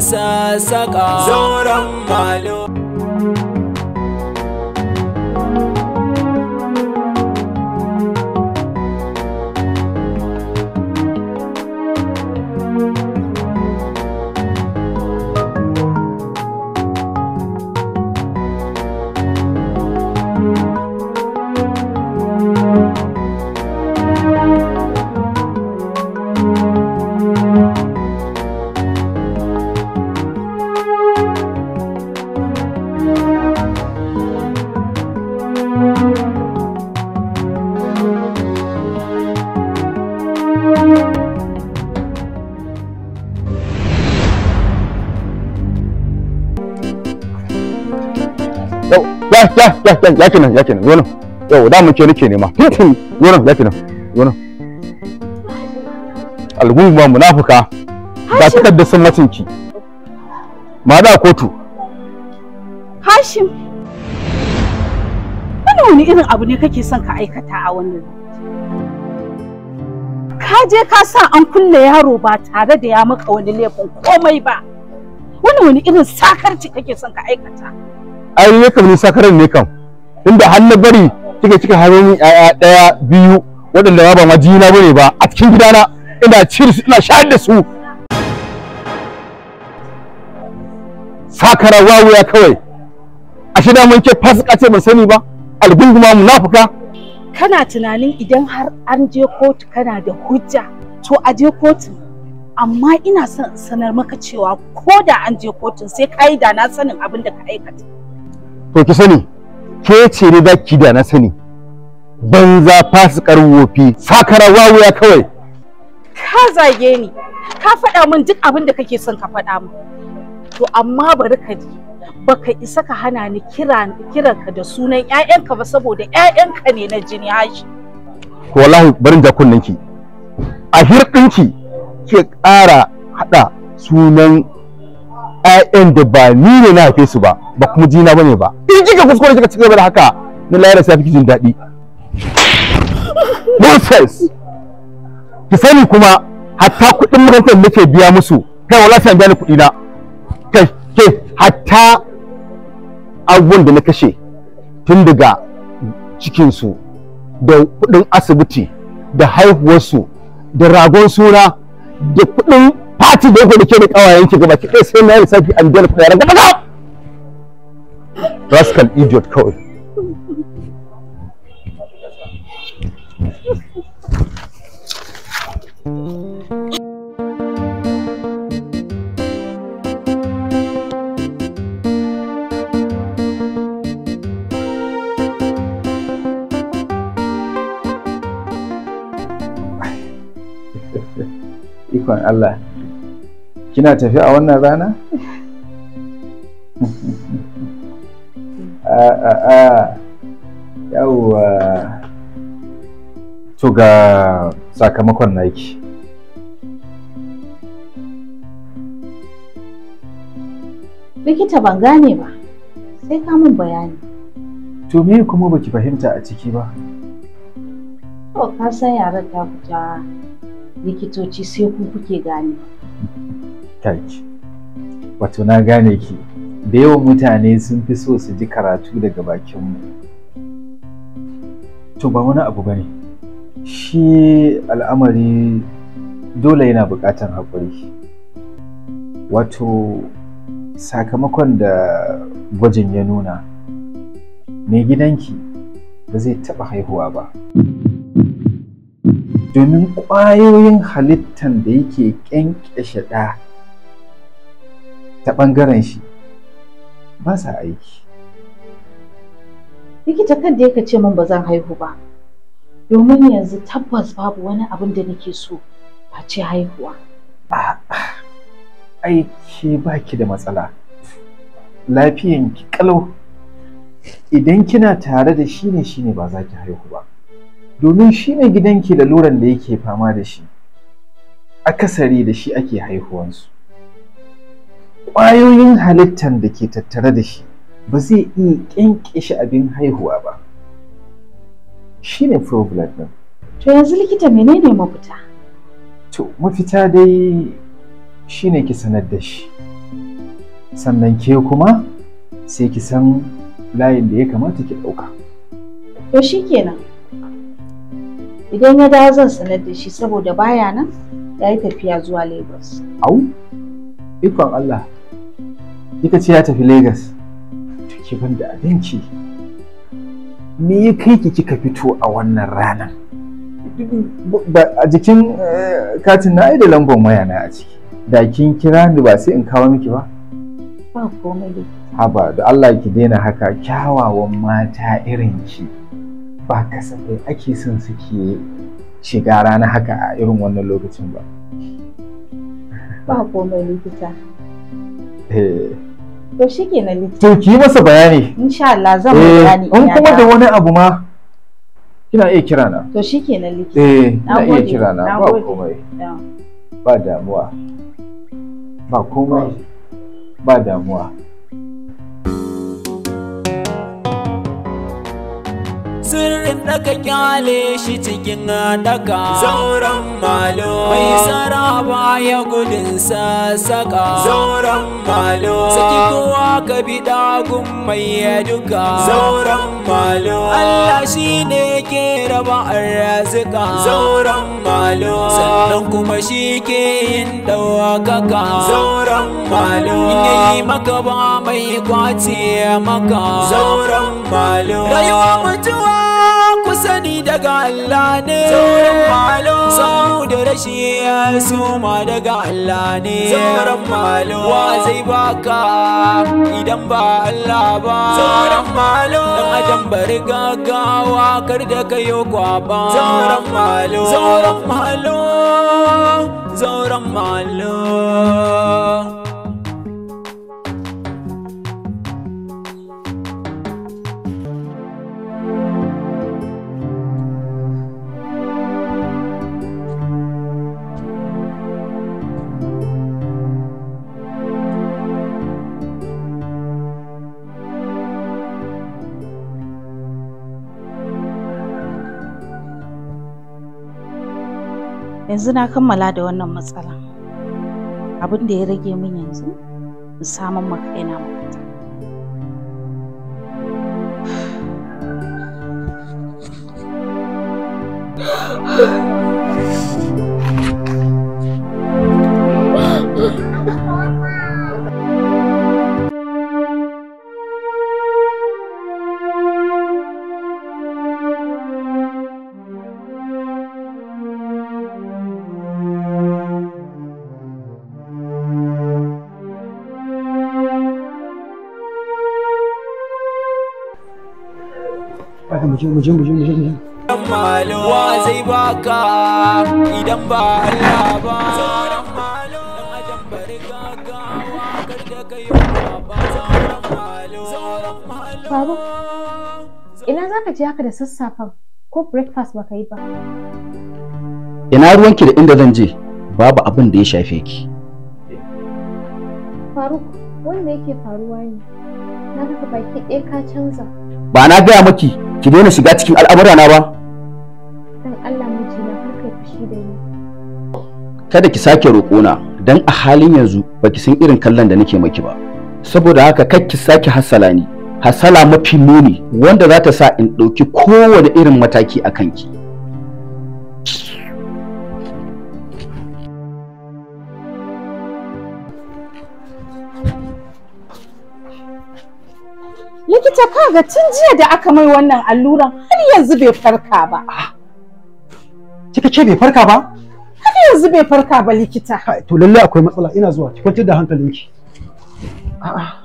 saka zauren malo ya ya ya ya kenan ya kenan zo nan yau da ke nake nema zo nan ya kenan zo nan algunguma munafuka ga takardar sun matinki ma da kotu Hashim wani irin abu ne kake son ka aikata a wannan ka je ka sa an kulle yaro ba tare da ya maka wani laifin komai ba wani wani irin sakarci kake son ka aikata ai ne kam sakaran ne kam inda har na bari kika cika hawo min yaya daya biyu waɗanda ba ma jina bane ba a cikin gidana ina cire su ina shayar da su sakara wawuya kawai ashe da mun ke fasika ce ban sani ba algunguma munafuka kana tunanin idan har an je kotu kana da hujja to a je kotu amma ina son sanar maka cewa ko da an je kotu sai ka yi da na sanin abin da ka aikata to ki sani ke ce ne za ki da na sani banza fasikar wofi sakara wawuya kawai ka zage ni ka faɗa min duk abin da kake son ka faɗa min to amma bari ka ji baka isa ka hana ni kira kiranka da sunan ƴaƴanka ba saboda ƴaƴanka ne na jini haji wallahi barin da kunnen ki a hirɗinki ke ƙara haɗa sunan ƴaƴan da ba ni ne na haife su ba ba kuma jina bane ba in kika kuskure kika cigaba da haka na lahira sai fiki jin daɗi nonsense ki sani kuma hatta kuɗin makarantar da nake biya musu kai wallahi sai an biya ni kuɗi na kai kai hatta abubuwan da na kashe tun daga cikinsu da kuɗin asibiti da haihuwarsu da ragon suna da kuɗin sati da yake da ke da kawayen ki gaba ki kai sai na lissafi an biyar kuɗa gaba gaba rascal idiot kawai ikon Allah kina tafi a wannan rana? a'a ah, ah, ah. yawwa to ga sakamakon naki likita ban gane ba sai ka min bayani to me kuma baki fahimta a ciki ba to ka san yaran ta fita likitoci sai ku kuke gane wato na gane ki da yawan mutane sun fi so su ji karatu daga bakinmu to ba wani abu ba ne shi al'amari dole yana buƙatar haƙuri wato sakamakon da gwajin ya nuna mai gidanki ba zai taɓa haihuwa ba domin ƙwayoyin halittan da yake ƙyanƙyashe ɗa ta ɓangaren shi ba sa aiki. Likita kan da yaka ce min ba zan haihu ba, domin yanzu tabbas babu wani abin da nake so face haihuwa. A'a, aiki baki da matsala. Lafiyanki kalau idan kina tare da shi ne shi ba za ki haihu ba. Domin shi ne gidanki da luran da yake fama da shi, akasari da shi ake haihuwansu. ƙwayoyin halittar da ke tattare da shi ba zai iya ƙyanƙyashe abin haihuwa ba shi ne problem ɗin to yanzu likita menene mafita to mafita dai shi ne ki sanar da shi sannan ke kuma sai ki san layin da ya kamata ki ɗauka to shi kenan idan ya dawo zan sanar da shi saboda baya nan ya yi tafiya zuwa lagos au ikon allah kika ce ya tafi Legas ta ki ban da abinci. me ya kai ki kika fito a wannan ranar a jikin eh, katin na da lambon waya na a ciki da kin kira ni ba sai in kawo miki ba ba komai haba da Allah ki daina haka kyawawan mata irin ki ba kasafai ake son suke shiga rana haka a irin wannan lokacin ba ba komai likita eh To shi ke na To ki masa bayani. Insha Allah zan eh, bayani. In kuma da wani abu ma kina iya kira na. To shi ke na likita. Eh, kina iya kira na ba komai. Ba damuwa. Ba komai. Ba damuwa. sirrin da ka kyale shi cikin adaka. zauren malo mai saraba ya gudun sassaka zauren malo saki kowa ka bi dagun mai ya duka zauren malo Allah shi ne ke raba arzika zauren malo sannan kuma shi ke yin ɗaukaka zauren maluwa yayi maka ba mai kwace maka zauren maluwa rayuwa mutuwa ku sani daga Allah ne zauren sau da rashi su ma daga Allah ne zauren wa zai baka idan ba Allah ba zauren maluwa dan bari kar da kayo kwaba zauren zauren my love. yanzu na kammala da wannan matsala abin da ya rage min yanzu in samun makaina mafita muje muje muje muje muje zai baka idan ba Allah ba Baba, ina za ka je haka da sassafen ko breakfast baka yi ba? Ina ruwanki da inda zan je babu abin da ya shafe ki. Faruk, wanda yake faruwa ne, na baki ɗaya ka canza. Ba na gaya maki ki daina shiga cikin al'amura na ba dan Allah mijina fushi da ni kada ki sake roƙona dan a halin yanzu baki san irin kallon da nake miki ba saboda haka kar ki sake hassala ni hasala mafi muni wanda za ta sa in ɗauki kowane irin mataki a kanki likita kaga tun jiya da aka mai wannan alluran har yanzu bai farka ba ah. kika ce bai farka ba har yanzu bai farka ba likita to lallai akwai matsala ina zuwa ki kwantar da hankalinki a'a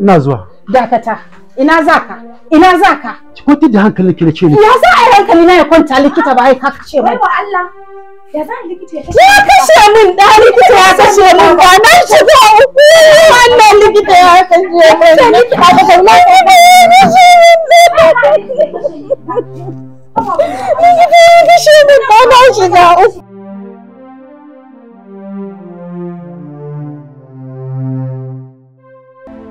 Ina zuwa. Dakata. Ina zaka? Ina zaka? Ki kwantar da hankalin ki na ce ni. Ya za a hankali na ya kwanta likita ba ai ka kace ba. Wai Allah. Ya za likita ya kashe. min da likita ya kashe min ba, na shiga uku. Wannan likita ya kashe min. Sai likita ba ta nan ba. Likita ya kashe min da nan shiga uku.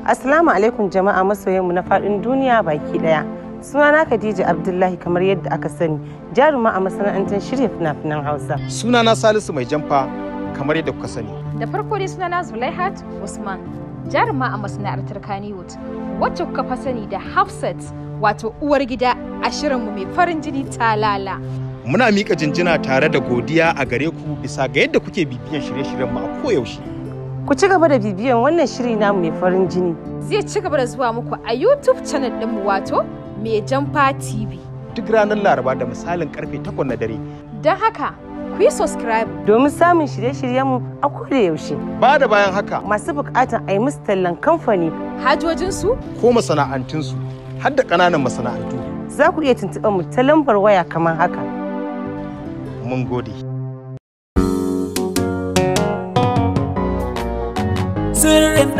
Assalamu alaikum jama'a masoyanmu na faɗin duniya baki ɗaya. Sunana Khadija Abdullahi kamar yadda aka sani, jaruma a masana'antar shirya fina-finan Hausa. Sunana Salisu mai jamfa kamar yadda kuka sani. Da farko dai sunana Zulaihat Usman, jaruma a masana'antar Kannywood, wacce kuka fa sani da Hafsat wato uwar gida a shirinmu mai farin jini ta lala? Muna mika jinjina tare da godiya a gare ku bisa ga yadda kuke bibiyan shirye-shiryenmu a koyaushe. Ku ci gaba da bibiyan wannan shiri na mai farin jini. Zai ci gaba da zuwa muku a YouTube channel din mu wato Mai Jamfa TV. Duk ranar Laraba da misalin karfe 8 na dare. Don haka ku yi subscribe domin samun shirye-shiryenmu a koda yaushe. Ba da bayan haka masu bukatan a yi musu tallan kamfani hajojinsu ko masana'antunsu har da ƙananan masana'antu. Za ku iya tuntuɓar mu ta lambar waya kamar haka. Mun gode.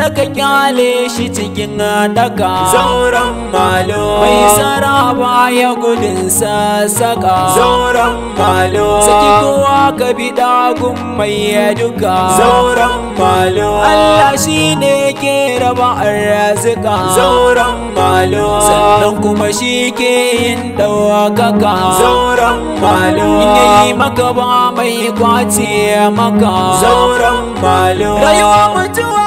kada ka kyale shi cikin daga zauren malo mai saraba ya gudun sassaka zauren malo saki kowa ka bi dagun mai ya duka zauren malo Allah shi ne ke raba arzika zauren malo sannan kuma shi ke yin ɗaukaka zauren malo inda yi maka ba mai kwace maka zauren malo rayuwa mutuwa